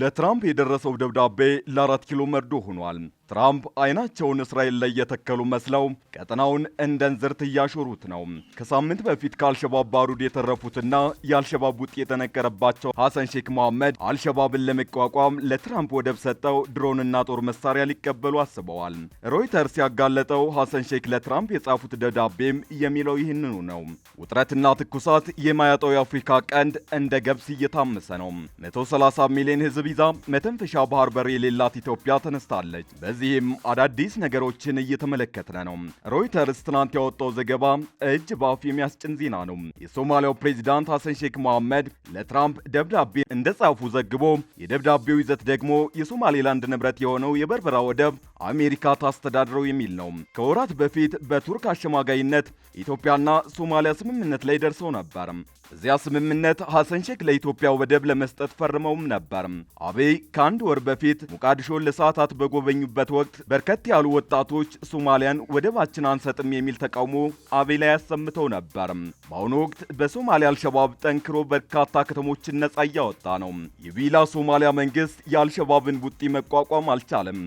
ለትራምፕ የደረሰው ደብዳቤ ለአራት ኪሎ መርዶ ሆኗል። ትራምፕ አይናቸውን እስራኤል ላይ የተከሉ መስለው ቀጠናውን እንደ እንዝርት እያሾሩት ነው። ከሳምንት በፊት ከአልሸባብ ባሩድ የተረፉትና የአልሸባብ ውጥ የተነገረባቸው ሐሰን ሼክ መሐመድ አልሸባብን ለመቋቋም ለትራምፕ ወደብ ሰጠው ድሮንና ጦር መሳሪያ ሊቀበሉ አስበዋል። ሮይተርስ ያጋለጠው ሐሰን ሼክ ለትራምፕ የጻፉት ደብዳቤም የሚለው ይህንኑ ነው። ውጥረትና ትኩሳት የማያጠው የአፍሪካ ቀንድ እንደ ገብስ እየታመሰ ነው። 130 ሚሊዮን ህዝብ ቪዛ መተንፈሻ ባህር በር የሌላት ኢትዮጵያ ተነስታለች። በዚህም አዳዲስ ነገሮችን እየተመለከትነ ነው። ሮይተርስ ትናንት ያወጣው ዘገባ እጅ ባፍ የሚያስጭን ዜና ነው። የሶማሊያው ፕሬዚዳንት ሐሰን ሼክ መሐመድ ለትራምፕ ደብዳቤ እንደጻፉ ዘግቦ የደብዳቤው ይዘት ደግሞ የሶማሌላንድ ንብረት የሆነው የበርበራ ወደብ አሜሪካ ታስተዳድረው የሚል ነው። ከወራት በፊት በቱርክ አሸማጋይነት ኢትዮጵያና ሶማሊያ ስምምነት ላይ ደርሰው ነበር። እዚያ ስምምነት ሐሰን ሼክ ለኢትዮጵያ ወደብ ለመስጠት ፈርመውም ነበር። አቤይ ከአንድ ወር በፊት ሞቃዲሾን ለሰዓታት በጎበኙበት ወቅት በርከት ያሉ ወጣቶች ሶማሊያን ወደባችን አንሰጥም የሚል ተቃውሞ አቤይ ላይ ያሰምተው ነበር። በአሁኑ ወቅት በሶማሊያ አልሸባብ ጠንክሮ በርካታ ከተሞችን ነጻ እያወጣ ነው። የቢላ ሶማሊያ መንግስት የአልሸባብን ቡጢ መቋቋም አልቻለም።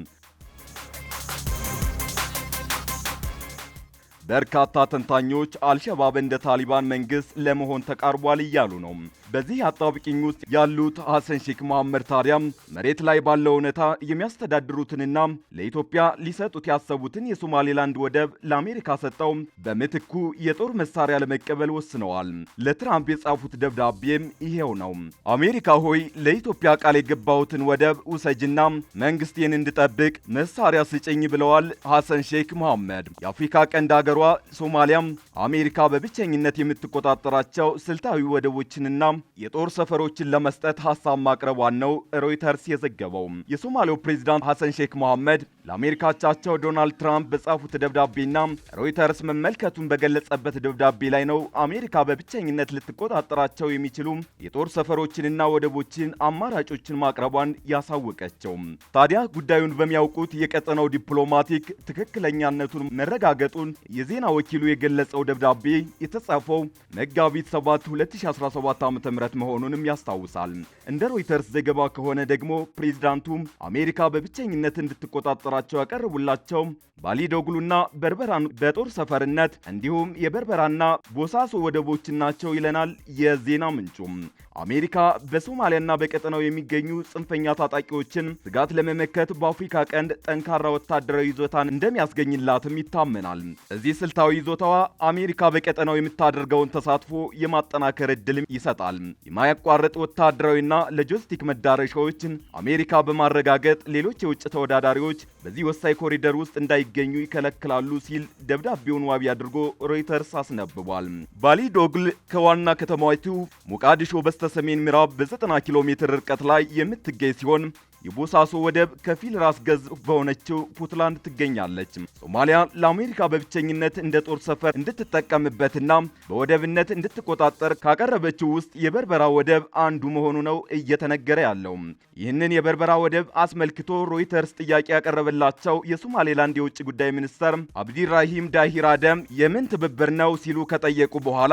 በርካታ ተንታኞች አልሸባብ እንደ ታሊባን መንግስት ለመሆን ተቃርቧል እያሉ ነው። በዚህ አጣብቂኝ ውስጥ ያሉት ሐሰን ሼክ መሐመድ ታዲያም መሬት ላይ ባለው እውነታ የሚያስተዳድሩትንና ለኢትዮጵያ ሊሰጡት ያሰቡትን የሶማሌላንድ ወደብ ለአሜሪካ ሰጠው በምትኩ የጦር መሳሪያ ለመቀበል ወስነዋል። ለትራምፕ የጻፉት ደብዳቤም ይሄው ነው። አሜሪካ ሆይ ለኢትዮጵያ ቃል የገባሁትን ወደብ ውሰጅና መንግስቴን እንድጠብቅ መሳሪያ ስጭኝ ብለዋል ሐሰን ሼክ መሐመድ የአፍሪካ ቀንድ አገሮ ሀገሯ ሶማሊያም አሜሪካ በብቸኝነት የምትቆጣጠራቸው ስልታዊ ወደቦችንና የጦር ሰፈሮችን ለመስጠት ሀሳብ ማቅረቧን ነው ሮይተርስ የዘገበው። የሶማሌው ፕሬዚዳንት ሐሰን ሼክ መሐመድ ለአሜሪካቻቸው ዶናልድ ትራምፕ በጻፉት ደብዳቤና ሮይተርስ መመልከቱን በገለጸበት ደብዳቤ ላይ ነው አሜሪካ በብቸኝነት ልትቆጣጠራቸው የሚችሉ የጦር ሰፈሮችንና ወደቦችን አማራጮችን ማቅረቧን ያሳወቀቸው። ታዲያ ጉዳዩን በሚያውቁት የቀጠናው ዲፕሎማቲክ ትክክለኛነቱን መረጋገጡን የዜና ወኪሉ የገለጸው ደብዳቤ የተጻፈው መጋቢት 7 2017 ዓ.ም መሆኑንም ያስታውሳል። እንደ ሮይተርስ ዘገባ ከሆነ ደግሞ ፕሬዝዳንቱ አሜሪካ በብቸኝነት እንድትቆጣጠራቸው ያቀረቡላቸው ባሊዶግሉና በርበራን በጦር ሰፈርነት እንዲሁም የበርበራና ቦሳሶ ወደቦችን ናቸው ይለናል የዜና ምንጩም። አሜሪካ በሶማሊያና በቀጠናው የሚገኙ ጽንፈኛ ታጣቂዎችን ስጋት ለመመከት በአፍሪካ ቀንድ ጠንካራ ወታደራዊ ይዞታን እንደሚያስገኝላትም ይታመናል። በዚህ ስልታዊ ይዞታዋ አሜሪካ በቀጠናው የምታደርገውን ተሳትፎ የማጠናከር እድልም ይሰጣል። የማያቋርጥ ወታደራዊና ሎጂስቲክ መዳረሻዎችን አሜሪካ በማረጋገጥ ሌሎች የውጭ ተወዳዳሪዎች በዚህ ወሳኝ ኮሪደር ውስጥ እንዳይገኙ ይከለክላሉ ሲል ደብዳቤውን ዋቢ አድርጎ ሮይተርስ አስነብቧል። ባሊ ዶግል ከዋና ከተማይቱ ሞቃዲሾ በስተሰሜን ምዕራብ በ90 ኪሎ ሜትር ርቀት ላይ የምትገኝ ሲሆን የቦሳሶ ወደብ ከፊል ራስ ገዝ በሆነችው ፑትላንድ ትገኛለች። ሶማሊያ ለአሜሪካ በብቸኝነት እንደ ጦር ሰፈር እንድትጠቀምበትና በወደብነት እንድትቆጣጠር ካቀረበችው ውስጥ የበርበራ ወደብ አንዱ መሆኑ ነው እየተነገረ ያለው። ይህንን የበርበራ ወደብ አስመልክቶ ሮይተርስ ጥያቄ ያቀረበላቸው የሶማሌላንድ የውጭ ጉዳይ ሚኒስተር አብዲራሂም ዳሂር አደም የምን ትብብር ነው ሲሉ ከጠየቁ በኋላ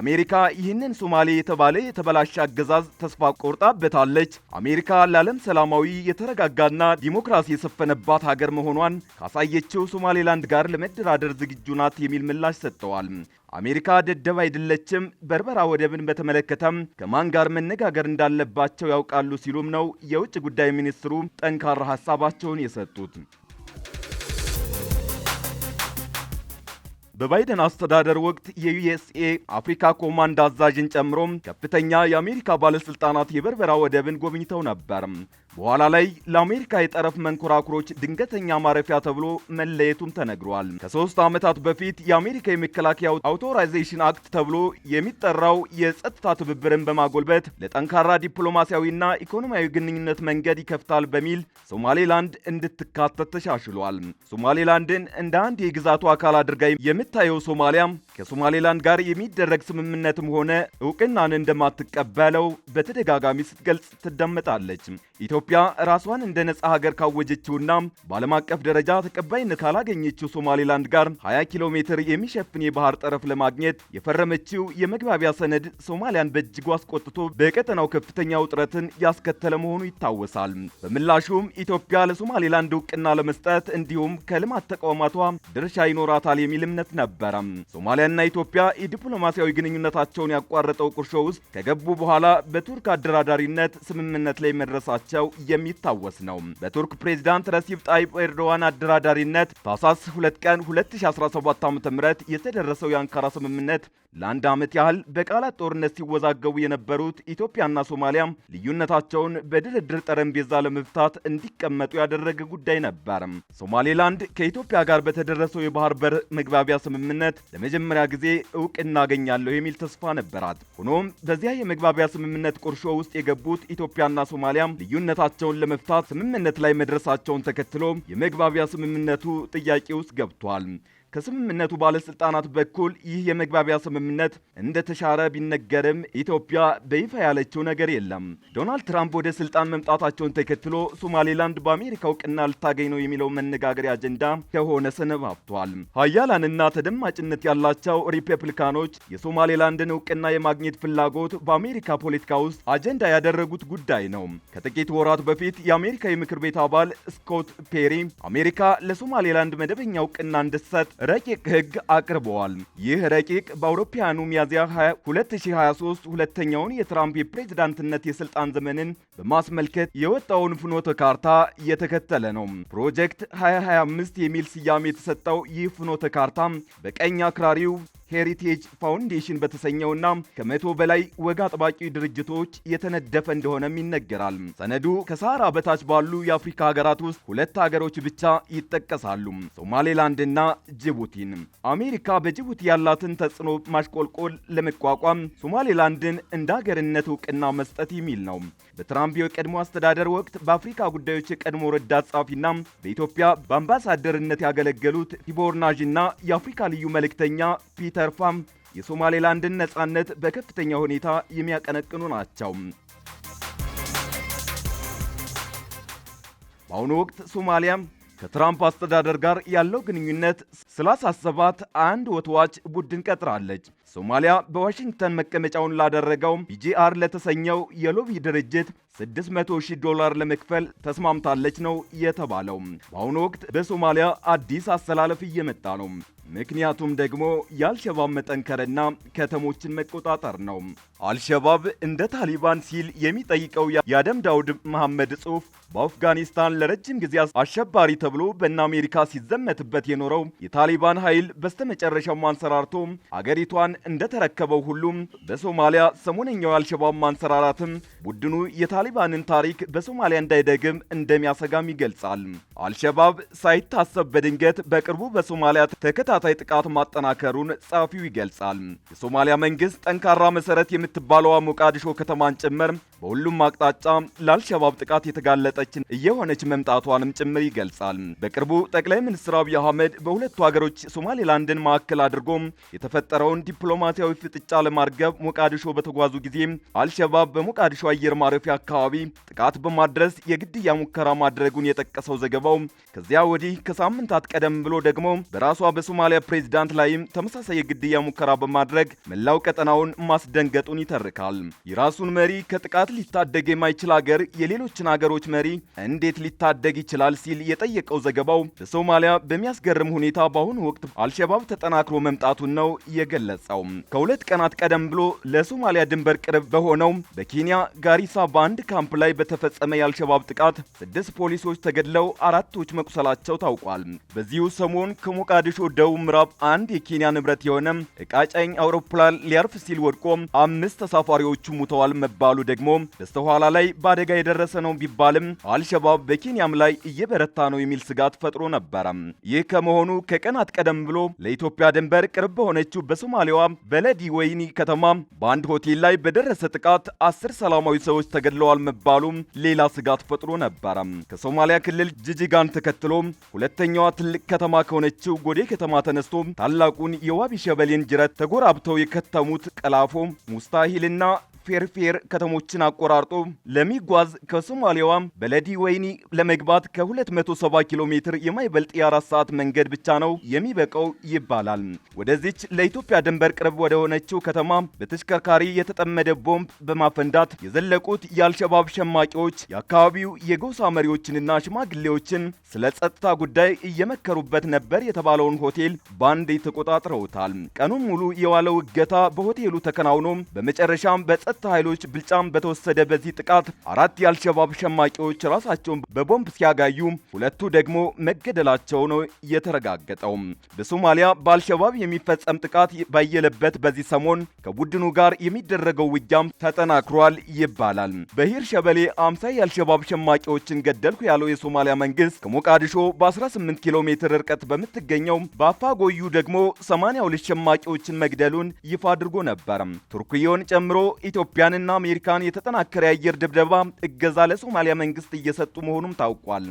አሜሪካ ይህንን ሶማሌ የተባለ የተበላሸ አገዛዝ ተስፋ ቆርጣበታለች። አሜሪካ ለዓለም ሰላማዊ የተረጋጋና ዲሞክራሲ የሰፈነባት ሀገር መሆኗን ካሳየችው ሶማሌላንድ ጋር ለመደራደር ዝግጁ ናት የሚል ምላሽ ሰጥተዋል። አሜሪካ ደደብ አይደለችም፣ በርበራ ወደብን በተመለከተም ከማን ጋር መነጋገር እንዳለባቸው ያውቃሉ ሲሉም ነው የውጭ ጉዳይ ሚኒስትሩ ጠንካራ ሀሳባቸውን የሰጡት። በባይደን አስተዳደር ወቅት የዩኤስኤ አፍሪካ ኮማንድ አዛዥን ጨምሮ ከፍተኛ የአሜሪካ ባለስልጣናት የበርበራ ወደብን ጎብኝተው ነበር። በኋላ ላይ ለአሜሪካ የጠረፍ መንኮራኩሮች ድንገተኛ ማረፊያ ተብሎ መለየቱም ተነግሯል። ከሶስት ዓመታት በፊት የአሜሪካ የመከላከያ አውቶራይዜሽን አክት ተብሎ የሚጠራው የጸጥታ ትብብርን በማጎልበት ለጠንካራ ዲፕሎማሲያዊና ኢኮኖሚያዊ ግንኙነት መንገድ ይከፍታል በሚል ሶማሌላንድ እንድትካተት ተሻሽሏል። ሶማሌላንድን እንደ አንድ የግዛቱ አካል አድርጋ የምታየው ሶማሊያም ከሶማሌላንድ ጋር የሚደረግ ስምምነትም ሆነ እውቅናን እንደማትቀበለው በተደጋጋሚ ስትገልጽ ትደመጣለች። ኢትዮጵያ ራሷን እንደ ነጻ ሀገር ካወጀችውና በዓለም አቀፍ ደረጃ ተቀባይነት ካላገኘችው ሶማሌላንድ ጋር 20 ኪሎ ሜትር የሚሸፍን የባህር ጠረፍ ለማግኘት የፈረመችው የመግባቢያ ሰነድ ሶማሊያን በእጅጉ አስቆጥቶ በቀጠናው ከፍተኛ ውጥረትን ያስከተለ መሆኑ ይታወሳል። በምላሹም ኢትዮጵያ ለሶማሌላንድ እውቅና ለመስጠት እንዲሁም ከልማት ተቋማቷ ድርሻ ይኖራታል የሚል እምነት ነበረ። ኢትዮጵያና ኢትዮጵያ የዲፕሎማሲያዊ ግንኙነታቸውን ያቋረጠው ቁርሾ ውስጥ ከገቡ በኋላ በቱርክ አደራዳሪነት ስምምነት ላይ መድረሳቸው የሚታወስ ነው። በቱርክ ፕሬዚዳንት ረሲብ ጣይብ ኤርዶዋን አደራዳሪነት ታህሳስ 2 ቀን 2017 ዓ.ም የተደረሰው የአንካራ ስምምነት ለአንድ ዓመት ያህል በቃላት ጦርነት ሲወዛገቡ የነበሩት ኢትዮጵያና ሶማሊያ ልዩነታቸውን በድርድር ጠረጴዛ ለመፍታት እንዲቀመጡ ያደረገ ጉዳይ ነበር። ሶማሌላንድ ከኢትዮጵያ ጋር በተደረሰው የባህር በር መግባቢያ ስምምነት ለመጀመሪያ ጊዜ እውቅና አገኛለሁ የሚል ተስፋ ነበራት። ሆኖም በዚያ የመግባቢያ ስምምነት ቁርሾ ውስጥ የገቡት ኢትዮጵያና ሶማሊያም ልዩነታቸውን ለመፍታት ስምምነት ላይ መድረሳቸውን ተከትሎ የመግባቢያ ስምምነቱ ጥያቄ ውስጥ ገብቷል። ከስምምነቱ ባለስልጣናት በኩል ይህ የመግባቢያ ስምምነት እንደተሻረ ቢነገርም ኢትዮጵያ በይፋ ያለችው ነገር የለም። ዶናልድ ትራምፕ ወደ ስልጣን መምጣታቸውን ተከትሎ ሶማሌላንድ በአሜሪካ እውቅና ልታገኝ ነው የሚለው መነጋገሪያ አጀንዳ ከሆነ ሰነባብቷል። ሀያላንና ተደማጭነት ያላቸው ሪፐብሊካኖች የሶማሌላንድን እውቅና የማግኘት ፍላጎት በአሜሪካ ፖለቲካ ውስጥ አጀንዳ ያደረጉት ጉዳይ ነው። ከጥቂት ወራት በፊት የአሜሪካ የምክር ቤት አባል ስኮት ፔሪ አሜሪካ ለሶማሌላንድ መደበኛ እውቅና እንድትሰጥ ረቂቅ ሕግ አቅርበዋል። ይህ ረቂቅ በአውሮፓውያኑ ሚያዝያ 2023 ሁለተኛውን የትራምፕ የፕሬዝዳንትነት የስልጣን ዘመንን በማስመልከት የወጣውን ፍኖተ ካርታ እየተከተለ ነው። ፕሮጀክት 2025 የሚል ስያሜ የተሰጠው ይህ ፍኖተ ካርታ በቀኝ አክራሪው ሄሪቴጅ ፋውንዴሽን በተሰኘውና ከመቶ በላይ ወግ አጥባቂ ድርጅቶች የተነደፈ እንደሆነም ይነገራል። ሰነዱ ከሳህራ በታች ባሉ የአፍሪካ ሀገራት ውስጥ ሁለት ሀገሮች ብቻ ይጠቀሳሉ፣ ሶማሌላንድና ጅቡቲን። አሜሪካ በጅቡቲ ያላትን ተጽዕኖ ማሽቆልቆል ለመቋቋም ሶማሌላንድን እንደ ሀገርነት እውቅና መስጠት የሚል ነው። በትራምፕ የቀድሞ አስተዳደር ወቅት በአፍሪካ ጉዳዮች የቀድሞ ረዳት ጸሐፊና በኢትዮጵያ በአምባሳደርነት ያገለገሉት ቲቦር ናዥ የአፍሪካ ልዩ መልእክተኛ ፒተር ተርፏም የሶማሌላንድን ነጻነት በከፍተኛ ሁኔታ የሚያቀነቅኑ ናቸው። በአሁኑ ወቅት ሶማሊያ ከትራምፕ አስተዳደር ጋር ያለው ግንኙነት ስላሳሰባት አንድ ወትዋች ቡድን ቀጥራለች። ሶማሊያ በዋሽንግተን መቀመጫውን ላደረገው ቢጂአር ለተሰኘው የሎቢ ድርጅት 6000 ዶላር ለመክፈል ተስማምታለች ነው የተባለው። በአሁኑ ወቅት በሶማሊያ አዲስ አሰላለፍ እየመጣ ነው። ምክንያቱም ደግሞ የአልሸባብ መጠንከርና ከተሞችን መቆጣጠር ነው። አልሸባብ እንደ ታሊባን ሲል የሚጠይቀው የአደም ዳውድ መሐመድ ጽሑፍ በአፍጋኒስታን ለረጅም ጊዜ አሸባሪ ተብሎ በእነ አሜሪካ ሲዘመትበት የኖረው የታሊባን ኃይል በስተመጨረሻው ማንሰራርቶ አገሪቷን እንደተረከበው ሁሉም በሶማሊያ ሰሞነኛው የአልሸባብ ማንሰራራትም ቡድኑ የታሊባንን ታሪክ በሶማሊያ እንዳይደግም እንደሚያሰጋም ይገልጻል። አልሸባብ ሳይታሰብ በድንገት በቅርቡ በሶማሊያ ተከታ ተከታታይ ጥቃት ማጠናከሩን ጸሐፊው ይገልጻል። የሶማሊያ መንግስት ጠንካራ መሰረት የምትባለዋ ሞቃዲሾ ከተማን ጭምር በሁሉም አቅጣጫ ለአልሸባብ ጥቃት የተጋለጠችን እየሆነች መምጣቷንም ጭምር ይገልጻል። በቅርቡ ጠቅላይ ሚኒስትር አብይ አህመድ በሁለቱ ሀገሮች ሶማሌላንድን ማዕከል አድርጎ የተፈጠረውን ዲፕሎማሲያዊ ፍጥጫ ለማርገብ ሞቃዲሾ በተጓዙ ጊዜ አልሸባብ በሞቃዲሾ አየር ማረፊያ አካባቢ ጥቃት በማድረስ የግድያ ሙከራ ማድረጉን የጠቀሰው ዘገባው ከዚያ ወዲህ ከሳምንታት ቀደም ብሎ ደግሞ በራሷ በሶማሊያ ፕሬዚዳንት ላይም ተመሳሳይ የግድያ ሙከራ በማድረግ መላው ቀጠናውን ማስደንገጡን ይተርካል። የራሱን መሪ ከጥቃት ከጥቃት ሊታደግ የማይችል አገር የሌሎችን አገሮች መሪ እንዴት ሊታደግ ይችላል ሲል የጠየቀው ዘገባው በሶማሊያ በሚያስገርም ሁኔታ በአሁኑ ወቅት አልሸባብ ተጠናክሮ መምጣቱን ነው የገለጸው። ከሁለት ቀናት ቀደም ብሎ ለሶማሊያ ድንበር ቅርብ በሆነው በኬንያ ጋሪሳ በአንድ ካምፕ ላይ በተፈጸመ የአልሸባብ ጥቃት ስድስት ፖሊሶች ተገድለው አራቶች መቁሰላቸው ታውቋል። በዚሁ ሰሞን ከሞቃዲሾ ደቡብ ምዕራብ አንድ የኬንያ ንብረት የሆነ እቃጫኝ አውሮፕላን ሊያርፍ ሲል ወድቆ አምስት ተሳፋሪዎቹ ሙተዋል መባሉ ደግሞ በስተኋላ ላይ በአደጋ የደረሰ ነው ቢባልም አልሸባብ በኬንያም ላይ እየበረታ ነው የሚል ስጋት ፈጥሮ ነበረ። ይህ ከመሆኑ ከቀናት ቀደም ብሎ ለኢትዮጵያ ድንበር ቅርብ በሆነችው በሶማሌዋ በለዲ ወይኒ ከተማ በአንድ ሆቴል ላይ በደረሰ ጥቃት አስር ሰላማዊ ሰዎች ተገድለዋል መባሉ ሌላ ስጋት ፈጥሮ ነበረ። ከሶማሊያ ክልል ጅጅጋን ተከትሎ ሁለተኛዋ ትልቅ ከተማ ከሆነችው ጎዴ ከተማ ተነስቶ ታላቁን የዋቢ ሸበሌን ጅረት ተጎራብተው የከተሙት ቀላፎ ሙስታሂልና ፌርፌር ከተሞችን አቆራርጦ ለሚጓዝ ከሶማሊያዋ በለዲ ወይኒ ለመግባት ከ270 ኪሎ ሜትር የማይበልጥ የአራት ሰዓት መንገድ ብቻ ነው የሚበቃው ይባላል። ወደዚች ለኢትዮጵያ ድንበር ቅርብ ወደሆነችው ከተማ በተሽከርካሪ የተጠመደ ቦምብ በማፈንዳት የዘለቁት የአልሸባብ ሸማቂዎች የአካባቢው የጎሳ መሪዎችንና ሽማግሌዎችን ስለ ጸጥታ ጉዳይ እየመከሩበት ነበር የተባለውን ሆቴል በአንድ ተቆጣጥረውታል። ቀኑን ሙሉ የዋለው እገታ በሆቴሉ ተከናውኖ በመጨረሻም በጸጥ በሁለት ኃይሎች ብልጫም በተወሰደ በዚህ ጥቃት አራት የአልሸባብ ሸማቂዎች ራሳቸውን በቦምብ ሲያጋዩ ሁለቱ ደግሞ መገደላቸው ነው የተረጋገጠው። በሶማሊያ በአልሸባብ የሚፈጸም ጥቃት ባየለበት በዚህ ሰሞን ከቡድኑ ጋር የሚደረገው ውጊያም ተጠናክሯል ይባላል። በሂር ሸበሌ አምሳ የአልሸባብ ሸማቂዎችን ገደልኩ ያለው የሶማሊያ መንግስት ከሞቃዲሾ በ18 ኪሎ ሜትር ርቀት በምትገኘው በአፋጎዩ ደግሞ 82 ሸማቂዎችን መግደሉን ይፋ አድርጎ ነበር። ቱርክዮን ጨምሮ ኢትዮ ኢትዮጵያንና አሜሪካን የተጠናከረ የአየር ድብደባ እገዛ ለሶማሊያ መንግስት እየሰጡ መሆኑም ታውቋል።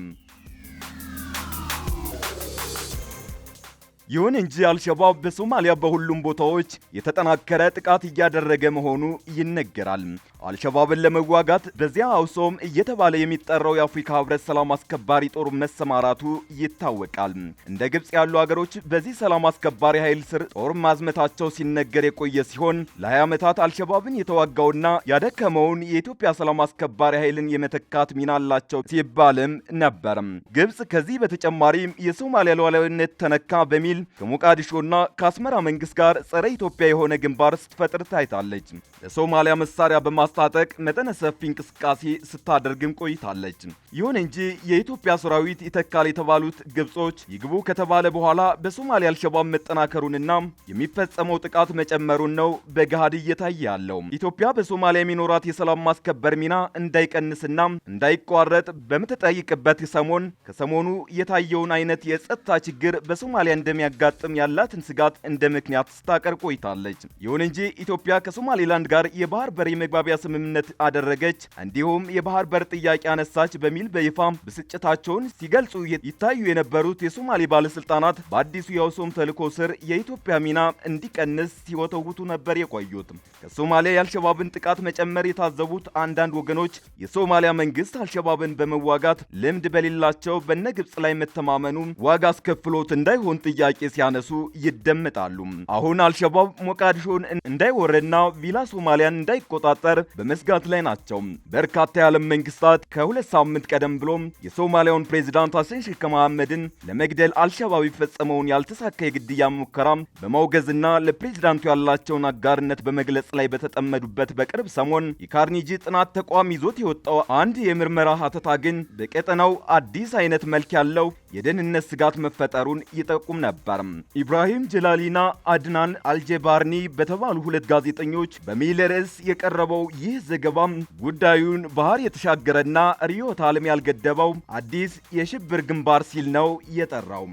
ይሁን እንጂ አልሸባብ በሶማሊያ በሁሉም ቦታዎች የተጠናከረ ጥቃት እያደረገ መሆኑ ይነገራል። አልሸባብን ለመዋጋት በዚያ አውሶም እየተባለ የሚጠራው የአፍሪካ ህብረት ሰላም አስከባሪ ጦር መሰማራቱ ይታወቃል። እንደ ግብጽ ያሉ አገሮች በዚህ ሰላም አስከባሪ ኃይል ስር ጦር ማዝመታቸው ሲነገር የቆየ ሲሆን ለ20 ዓመታት አልሸባብን የተዋጋውና ያደከመውን የኢትዮጵያ ሰላም አስከባሪ ኃይልን የመተካት ሚና አላቸው ሲባልም ነበር። ግብጽ ከዚህ በተጨማሪም የሶማሊያ ሉዓላዊነት ተነካ በሚል ከሞቃዲሾና ከአስመራ መንግስት ጋር ጸረ ኢትዮጵያ የሆነ ግንባር ስትፈጥር ታይታለች። ለሶማሊያ መሳሪያ በማስ ለማስታጠቅ መጠነ ሰፊ እንቅስቃሴ ስታደርግም ቆይታለች። ይሁን እንጂ የኢትዮጵያ ሰራዊት ይተካል የተባሉት ግብጾች ይግቡ ከተባለ በኋላ በሶማሊያ አልሸባብ መጠናከሩንና የሚፈጸመው ጥቃት መጨመሩን ነው በገሃድ እየታየ ያለው። ኢትዮጵያ በሶማሊያ የሚኖራት የሰላም ማስከበር ሚና እንዳይቀንስና እንዳይቋረጥ በምትጠይቅበት ሰሞን ከሰሞኑ የታየውን አይነት የጸጥታ ችግር በሶማሊያ እንደሚያጋጥም ያላትን ስጋት እንደ ምክንያት ስታቀር ቆይታለች። ይሁን እንጂ ኢትዮጵያ ከሶማሌላንድ ጋር የባህር በር የመግባቢያ ስምምነት አደረገች፣ እንዲሁም የባህር በር ጥያቄ አነሳች በሚል በይፋ ብስጭታቸውን ሲገልጹ ይታዩ የነበሩት የሶማሌ ባለስልጣናት በአዲሱ የአውሶም ተልዕኮ ስር የኢትዮጵያ ሚና እንዲቀንስ ሲወተውቱ ነበር የቆዩት። ከሶማሊያ የአልሸባብን ጥቃት መጨመር የታዘቡት አንዳንድ ወገኖች የሶማሊያ መንግስት አልሸባብን በመዋጋት ልምድ በሌላቸው በነ ግብጽ ላይ መተማመኑ ዋጋ አስከፍሎት እንዳይሆን ጥያቄ ሲያነሱ ይደመጣሉ። አሁን አልሸባብ ሞቃዲሾን እንዳይወረና ቪላ ሶማሊያን እንዳይቆጣጠር በመስጋት ላይ ናቸው። በርካታ የዓለም መንግስታት ከሁለት ሳምንት ቀደም ብሎም የሶማሊያውን ፕሬዚዳንት ሐሰን ሼክ መሐመድን ለመግደል አልሸባብ የፈጸመውን ያልተሳካ የግድያ ሙከራ በማውገዝና ለፕሬዚዳንቱ ያላቸውን አጋርነት በመግለጽ ላይ በተጠመዱበት በቅርብ ሰሞን የካርኒጂ ጥናት ተቋም ይዞት የወጣው አንድ የምርመራ ሀተታ ግን በቀጠናው አዲስ አይነት መልክ ያለው የደህንነት ስጋት መፈጠሩን ይጠቁም ነበር። ኢብራሂም ጀላሊና አድናን አልጀባርኒ በተባሉ ሁለት ጋዜጠኞች በሚል ርዕስ የቀረበው ይህ ዘገባም ጉዳዩን ባህር የተሻገረና ርዕዮተ ዓለም ያልገደበው አዲስ የሽብር ግንባር ሲል ነው የጠራው።